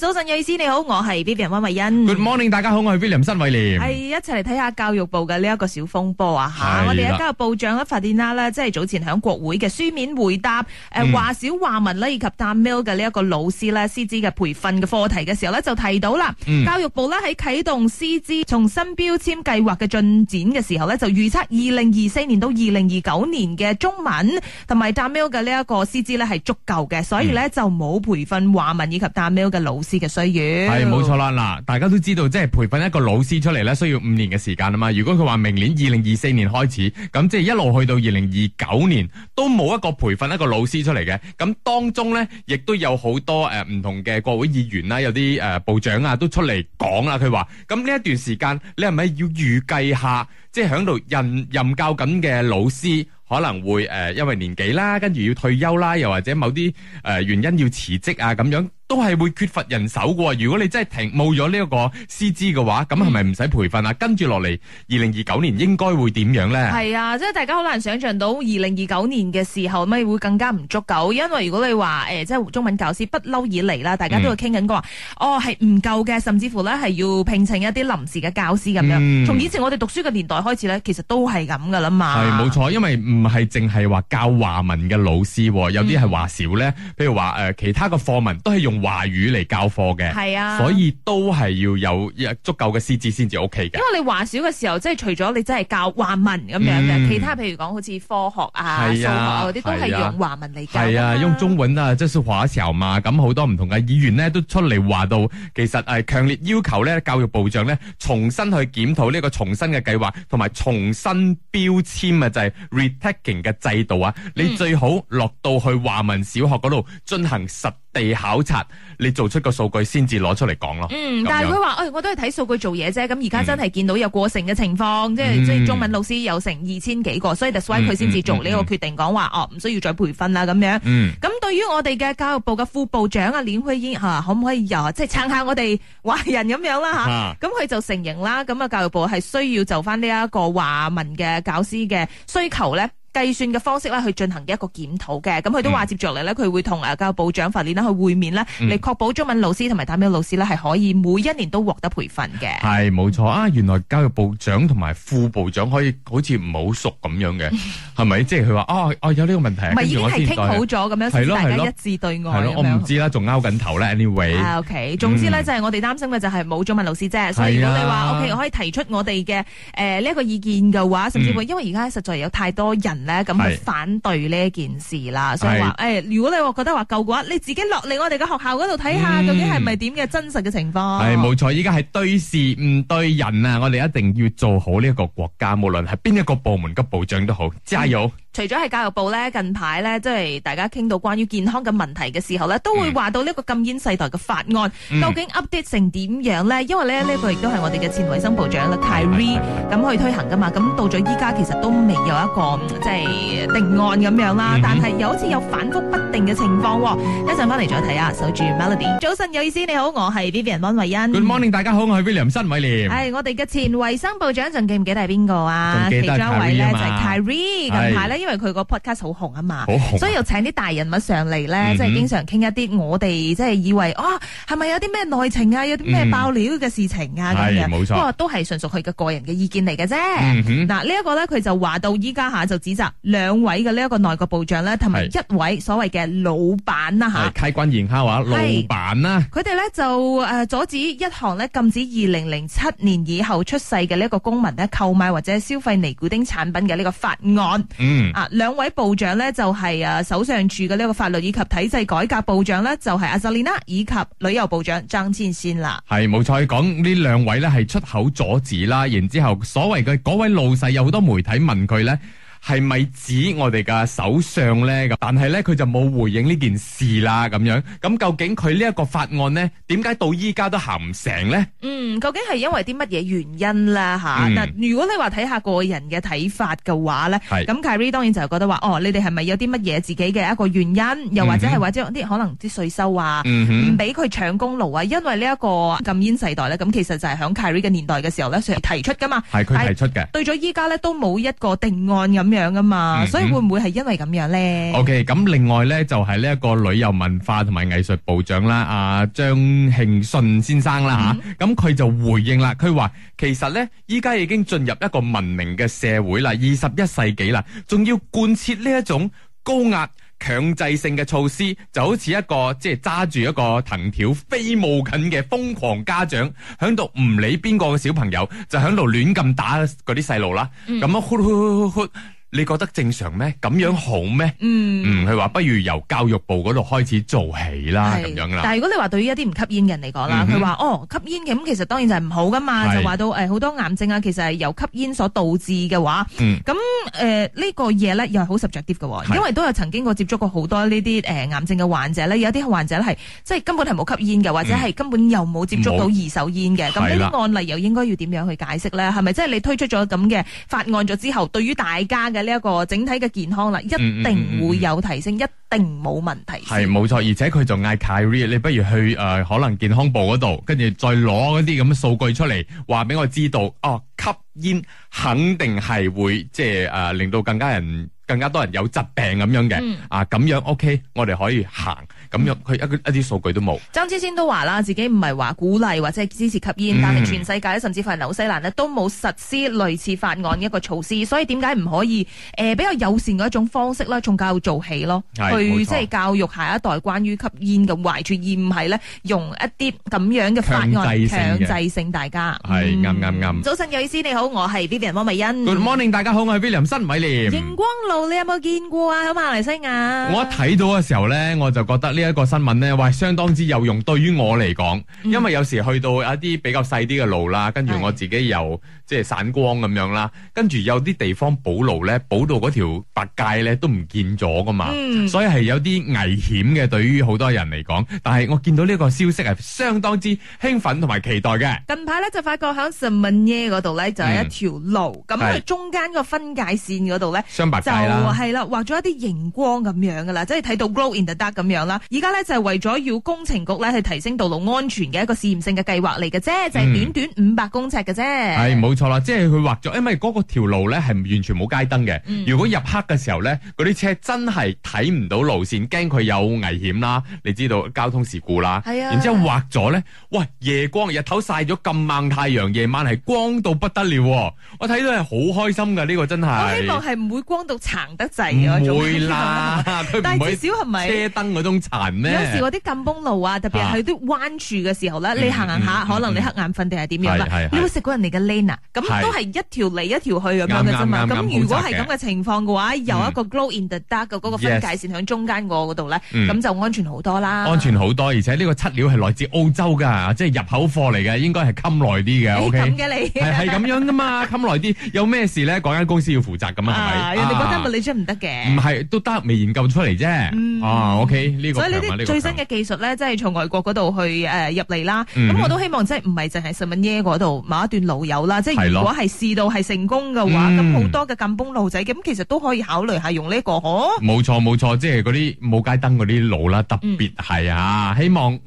早晨，睿思你好，我係 Vivian 溫慧欣。Good morning，大家好，我係 William 申偉廉。係、哎、一齊嚟睇下教育部嘅呢一個小風波的啊！吓，我哋嘅教育部長咧法 a 啦，呢 n a 即係早前響國會嘅書面回答，誒、嗯啊、華小華文呢，以及 Tamil 嘅呢一個老師呢，師資嘅培訓嘅課題嘅時候呢，就提到啦，嗯、教育部呢，喺啟動師資重新標籤計劃嘅進展嘅時候呢，就預測二零二四年到二零二九年嘅中文同埋 Tamil 嘅呢一個師資呢，係足夠嘅，所以呢，就冇培訓、嗯、華文以及 Tamil 嘅老師。師嘅係冇錯啦嗱，大家都知道，即係培訓一個老師出嚟咧，需要五年嘅時間啊嘛。如果佢話明年二零二四年開始，咁即係一路去到二零二九年，都冇一個培訓一個老師出嚟嘅。咁當中咧，亦都有好多誒唔、呃、同嘅國會議員啦，有啲誒、呃、部長啊，都出嚟講啦。佢話咁呢一段時間，你係咪要預計下，即係響度任任教緊嘅老師可能會誒、呃、因為年紀啦，跟住要退休啦，又或者某啲誒、呃、原因要辭職啊咁樣？都係會缺乏人手嘅，如果你真係停冇咗呢一個師資嘅話，咁係咪唔使培訓啊？嗯、跟住落嚟，二零二九年應該會點樣咧？係啊，即係大家好難想象到二零二九年嘅時候咪會更加唔足夠，因為如果你話誒、欸、即係中文教師不嬲以嚟啦，大家都會傾緊講哦係唔夠嘅，甚至乎咧係要聘請一啲臨時嘅教師咁樣。從、嗯、以前我哋讀書嘅年代開始咧，其實都係咁噶啦嘛。係冇錯，因為唔係淨係話教華文嘅老師，有啲係話少咧，譬如話誒、呃、其他嘅課文都係用。華語嚟教課嘅，係啊，所以都係要有足夠嘅師資先至 OK 嘅。因為你話少嘅時候，即係除咗你真係教華文咁樣嘅，嗯、其他譬如講好似科學啊、數學嗰啲，那些都係用華文嚟教。係啊，係啊，用中文啊，即係話嘅時候嘛。咁好多唔同嘅議員咧，都出嚟話到。其實係呃、強烈要求咧，教育部長咧，重新去檢討呢個重新嘅計劃，同埋重新標籤啊，就係、是、retaking 嘅制度啊。嗯、你最好落到去華文小學嗰度進行實地考察，你做出個數據先至攞出嚟講咯。嗯，但係佢話，誒、哎，我都係睇數據做嘢啫。咁而家真係見到有過剩嘅情況，嗯、即係即係中文老師有成二千幾個，嗯、所以 that's why 佢先至做呢個決定，講話、嗯嗯嗯、哦，唔需要再培訓啦咁樣。嗯，咁對於我哋嘅教育部嘅副部長啊，林慧英吓，可唔可以又即係撐下我哋華人咁樣啦吓？咁佢就承認啦，咁啊，啊教育部係需要就翻呢一個華文嘅教師嘅需求咧。計算嘅方式咧，去進行嘅一個檢討嘅，咁佢都話接著嚟咧，佢會同啊教育部長佛連啦去會面咧，嚟確保中文老師同埋打表老師咧係可以每一年都獲得培訓嘅。係冇錯啊！原來教育部長同埋副部長可以好似唔好熟咁樣嘅，係咪？即係佢話哦，啊有呢個問題，唔係已經係傾好咗咁樣，大家一致對外。係咯，我唔知啦，仲拗緊頭咧。anyway，ok，總之咧就係我哋擔心嘅就係冇中文老師啫。所以如果你話 ok 可以提出我哋嘅誒呢一個意見嘅話，甚至會因為而家實在有太多人。咧咁去反對呢一件事啦，是所以話誒是、哎，如果你話覺得話舊嘅話，你自己落嚟我哋嘅學校嗰度睇下究竟係咪點嘅真實嘅情況？係冇錯，依家係對事唔對人啊！我哋一定要做好呢一個國家，無論係邊一個部門嘅部長都好，加油。嗯除咗喺教育部咧，近排咧，即係大家傾到關於健康嘅問題嘅時候咧，都會話到呢個禁煙世代嘅法案，嗯、究竟 update 成點樣咧？因為呢呢、這個亦都係我哋嘅前衛生部長啦，Kyrie 咁去推行噶嘛。咁到咗依家其實都未有一個即係、就是、定案咁樣啦，嗯、哼但係又好似有反覆不定嘅情況，啊。看一陣翻嚟再睇啊！守住 Melody，早晨有意思，你好，我係 Vivian 溫慧欣。Good morning，大家好，我係 William 申偉廉。係、哎、我哋嘅前衛生部長仲記唔記得係邊個啊？其中一位呢嘛就係 Kyrie 近排呢。因為佢個 podcast 好紅，紅啊嘛，所以又請啲大人物上嚟咧，嗯、哼即係經常傾一啲我哋即係以為啊，係咪有啲咩內情啊，有啲咩爆料嘅事情啊咁、嗯、哼樣，不過都係純屬佢嘅個人嘅意見嚟嘅啫。嗱、嗯哼啊這個，呢一個咧，佢就話到依家吓就指責兩位嘅呢一個內閣部長咧，同埋一位所謂嘅老闆啦吓。溪開軍言吓話老闆啦，佢哋咧就誒、呃、阻止一項咧禁止二零零七年以後出世嘅呢一個公民咧購買或者消費尼古丁產品嘅呢個法案。嗯。啊，兩位部長咧就係誒，首相處嘅呢個法律以及體制改革部長咧，就係阿薩利娜啦以及旅遊部長張千先啦。係冇錯，佢講呢兩位咧係出口阻止啦，然之後所謂嘅嗰位老細，有好多媒體問佢咧。係咪指我哋嘅首相咧？咁但係咧佢就冇回應呢件事啦。咁樣咁究竟佢呢一個法案呢？點解到依家都行唔成呢？嗯，究竟係因為啲乜嘢原因啦、啊？吓、嗯、如果你話睇下個人嘅睇法嘅話咧，咁 k e r y 當然就係覺得話，哦，你哋係咪有啲乜嘢自己嘅一個原因，又或者係或者啲可能啲稅收啊，唔俾佢搶功勞啊？因為呢一個禁煙世代咧，咁其實就係響 k e r y 嘅年代嘅時候咧，提出噶嘛。係佢提出嘅。對咗依家咧都冇一個定案咁。樣噶嘛，嗯、哼所以會唔會係因為咁樣咧？OK，咁另外咧就係呢一個旅遊文化同埋藝術部長啦，阿、啊、張慶信先生啦吓，咁佢、嗯哼啊、就回應啦，佢話其實咧依家已經進入一個文明嘅社會啦，二十一世紀啦，仲要貫徹呢一種高壓強制性嘅措施，就好似一個即係揸住一個藤條飛舞緊嘅瘋狂家長，響度唔理邊個嘅小朋友，就響度亂咁打嗰啲細路啦，咁、嗯、樣呼呼呼呼呼。哼哼哼哼你覺得正常咩？咁樣好咩？嗯，佢話不如由教育部嗰度開始做起啦，咁樣啦。但係如果你話對於一啲唔吸煙嘅人嚟講啦，佢話哦吸煙咁其實當然就係唔好噶嘛，就話到誒好多癌症啊，其實係由吸煙所導致嘅話，咁誒呢個嘢咧又係好實著啲嘅，因為都有曾經過接觸過好多呢啲誒癌症嘅患者咧，有啲患者係即係根本係冇吸煙嘅，或者係根本又冇接觸到二手煙嘅，咁呢啲案例又應該要點樣去解釋咧？係咪即係你推出咗咁嘅法案咗之後，對於大家嘅？呢一個整體嘅健康啦，一定會有提升，嗯嗯嗯、一定冇問題，係冇錯，而且佢仲嗌 Kyrie，你不如去誒、呃、可能健康部度，跟住再攞嗰啲咁嘅數據出嚟，話俾我知道。哦，吸煙肯定係會即係誒令到更加人、更加多人有疾病咁樣嘅。嗯、啊，咁樣 OK，我哋可以行。咁又佢一啲一啲數據都冇。曾之先都話啦，自己唔係話鼓勵或者支持吸煙，但係全世界甚至乎紐西蘭咧都冇實施類似法案嘅一個措施，所以點解唔可以誒比較友善嘅一種方式咧，從教育做起咯，去即係教育下一代關於吸煙嘅壞處，而唔係咧用一啲咁樣嘅法案強制性強制性大家係啱啱啱。早晨嘅意思你好，我係 Vivian 汪美欣。Good morning，大家好，我係 Vivian 申美蓮。熒光路你有冇見過啊？喺馬來西亞，我一睇到嘅時候咧，我就覺得呢。一個新聞咧，話相當之有用。對於我嚟講，因為有時去到一啲比較細啲嘅路啦，跟住我自己又是即係散光咁樣啦，跟住有啲地方補路咧，補到嗰條白界咧都唔見咗噶嘛，嗯、所以係有啲危險嘅。對於好多人嚟講，但係我見到呢個消息係相當之興奮同埋期待嘅。近排咧就發覺響 Savigny 嗰度咧就係一條路，咁佢是中間個分界線嗰度咧，雙白界啦，係啦，畫咗一啲熒光咁樣噶啦，即係睇到 glow in the dark 咁樣啦。而家咧就係為咗要工程局咧去提升道路安全嘅一個試驗性嘅計劃嚟嘅啫，就係、是、短短五百公尺嘅啫。係冇錯啦，即係佢畫咗，因為嗰個條路咧係完全冇街燈嘅。嗯、如果入黑嘅時候咧，嗰啲車真係睇唔到路線，驚佢有危險啦。你知道交通事故啦。係啊。然之後畫咗咧，嘩，夜光，日頭曬咗咁猛太陽，夜晚係光到不得了。我睇到係好開心噶，呢個真係。我希望係唔會光到殘得滯嘅。唔會啦，佢唔會 但係至少係咪車燈嗰種？ 有時嗰啲禁崩路啊，特別係啲彎住嘅時候咧，你行行下，可能你黑眼瞓定係點樣啦。你會食過人哋嘅 lane 啊？咁都係一條嚟一條去咁樣嘅啫嘛。咁如果係咁嘅情況嘅話，有一個 glow in the dark 嘅嗰個分界線喺中間個嗰度咧，咁就安全好多啦。安全好多，而且呢個漆料係來自澳洲噶，即係入口貨嚟嘅，應該係襟耐啲嘅。O K，係咁嘅你，係係咁樣噶嘛，襟耐啲。有咩事咧？嗰間公司要負責噶嘛？係咪？人哋覺得冇你張唔得嘅。唔係，都得未研究出嚟啫。啊，O K，呢個。呢啲、啊、最新嘅技術咧，即係從外國嗰度去誒、呃、入嚟啦。咁、嗯、哼我都希望即係唔係淨係實文耶嗰度某一段路有啦。即係如果係試到係成功嘅話，咁好、嗯、多嘅禁崩路仔，咁其實都可以考慮下用呢、呢個可。冇錯冇錯，即係嗰啲冇街燈嗰啲路啦，特別係啊，嗯、希望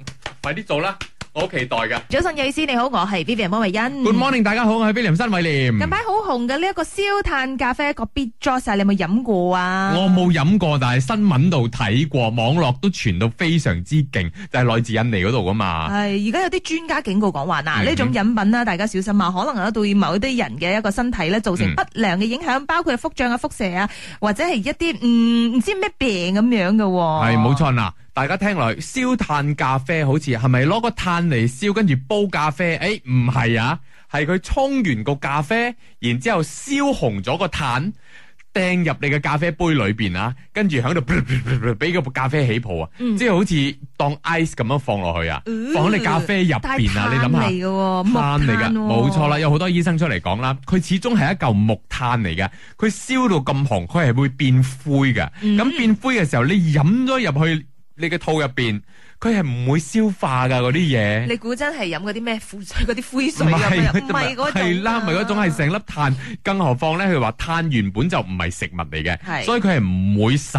快啲做啦。好期待噶！早晨，夜思你好，我係 Vivian 莫慧欣 Good morning，大家好，我係 William 申偉廉。近排好紅嘅呢一個燒炭咖啡，這個 bit juice 你有冇飲過啊？我冇飲過，但係新聞度睇過，網絡都傳到非常之勁，就係、是、來自印尼嗰度噶嘛。係，而家有啲專家警告講話嗱，呢、嗯、哼種飲品啦大家小心啊，可能對某啲人嘅一個身體咧造成不良嘅影響，嗯、包括腹脹啊、輻射啊，或者係一啲唔唔知咩病咁樣嘅。係，冇錯啦大家聽落燒炭咖啡好似係咪攞個炭嚟燒，跟住煲咖啡？誒，唔係啊，係佢沖完個咖啡，然之後燒紅咗個炭，掟入你嘅咖啡杯裏邊啊，跟住喺度俾個咖啡起泡啊，即係好似當 ice 咁樣放落去啊，放喺你咖啡入邊啊，你諗下，炭嚟嘅喎，木炭嚟噶。冇錯啦，有好多醫生出嚟講啦，佢始終係一嚿木炭嚟噶，佢燒到咁紅，佢係會變灰噶，咁變灰嘅時候，你飲咗入去。你嘅肚入邊，佢係唔會消化噶嗰啲嘢。你估真係飲嗰啲咩灰、嗰啲灰水啊？唔係嗰種，係啦，唔係嗰種係成粒碳。更何況咧，佢話碳原本就唔係食物嚟嘅，係，所以佢係唔會洗，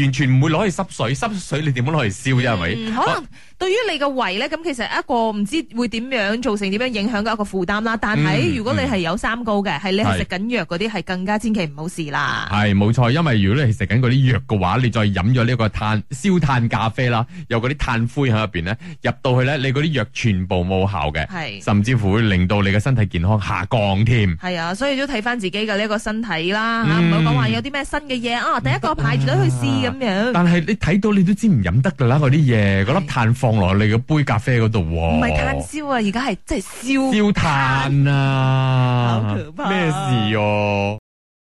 完全唔會攞去濕水。濕水你點樣攞嚟燒啫？係咪？對於你個胃咧，咁其實一個唔知會點樣造成點樣影響嘅一個負擔啦。但係、嗯、如果你係有三高嘅，係、嗯、你係食緊藥嗰啲，係是更加千祈唔好試啦。係冇錯，因為如果你食緊嗰啲藥嘅話，你再飲咗呢個碳燒炭咖啡啦，有嗰啲炭灰喺入邊咧，入到去咧，你嗰啲藥全部冇效嘅，是甚至乎會令到你嘅身體健康下降添。係啊，所以都睇翻自己嘅呢、這個身體啦，唔好講話有啲咩新嘅嘢啊，第一個排住隊去試咁、啊、樣。但係你睇到你都知唔飲得噶啦，嗰啲嘢嗰粒炭。放落你個杯咖啡嗰度，唔係炭燒啊，而家係即係燒燒炭啊，咩事哦？